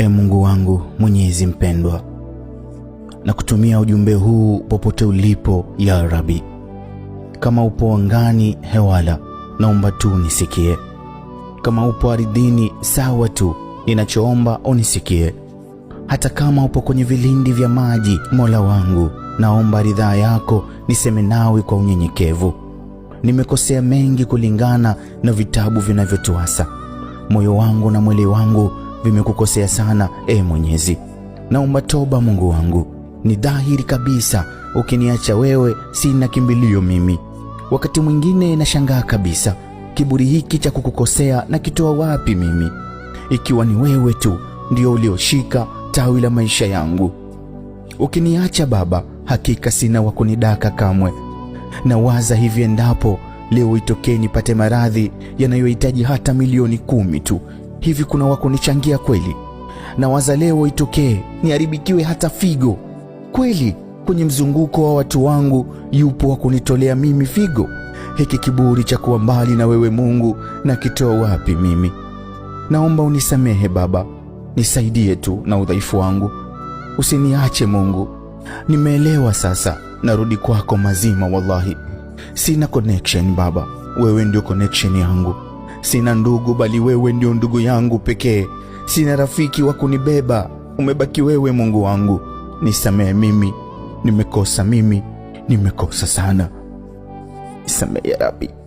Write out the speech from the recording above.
E Mungu wangu mwenyezi mpendwa, na kutumia ujumbe huu popote ulipo ya Rabi. Kama upo angani hewala, naomba tu unisikie. Kama upo ardhini sawa tu, ninachoomba unisikie. Hata kama upo kwenye vilindi vya maji, Mola wangu, naomba ridhaa yako, niseme nawe kwa unyenyekevu. Nimekosea mengi kulingana na vitabu vinavyotuasa. Moyo wangu na mwili wangu vimekukosea sana, e Mwenyezi, naomba toba Mungu wangu. Ni dhahiri kabisa, ukiniacha wewe sina kimbilio mimi. Wakati mwingine nashangaa kabisa, kiburi hiki cha kukukosea nakitoa wapi mimi, ikiwa ni wewe tu ndio ulioshika tawi la maisha yangu. Ukiniacha Baba, hakika sina wa kunidaka kamwe. Nawaza hivi, endapo leo itokee nipate maradhi yanayohitaji hata milioni kumi tu hivi kuna wakunichangia kweli? Na wazaleo itokee niharibikiwe hata figo kweli? Kwenye mzunguko wa watu wangu yupo wa kunitolea mimi figo? Hiki kiburi cha kuwa mbali na wewe Mungu nakitoa wapi mimi? Naomba unisamehe Baba, nisaidie tu na udhaifu wangu, usiniache Mungu. Nimeelewa sasa, narudi kwako mazima. Wallahi sina connection Baba, wewe ndio connection yangu. Sina ndugu bali wewe ndio ndugu yangu pekee. Sina rafiki wa kunibeba, umebaki wewe Mungu wangu. Nisamehe mimi, nimekosa mimi, nimekosa sana. Nisamehe ya rabi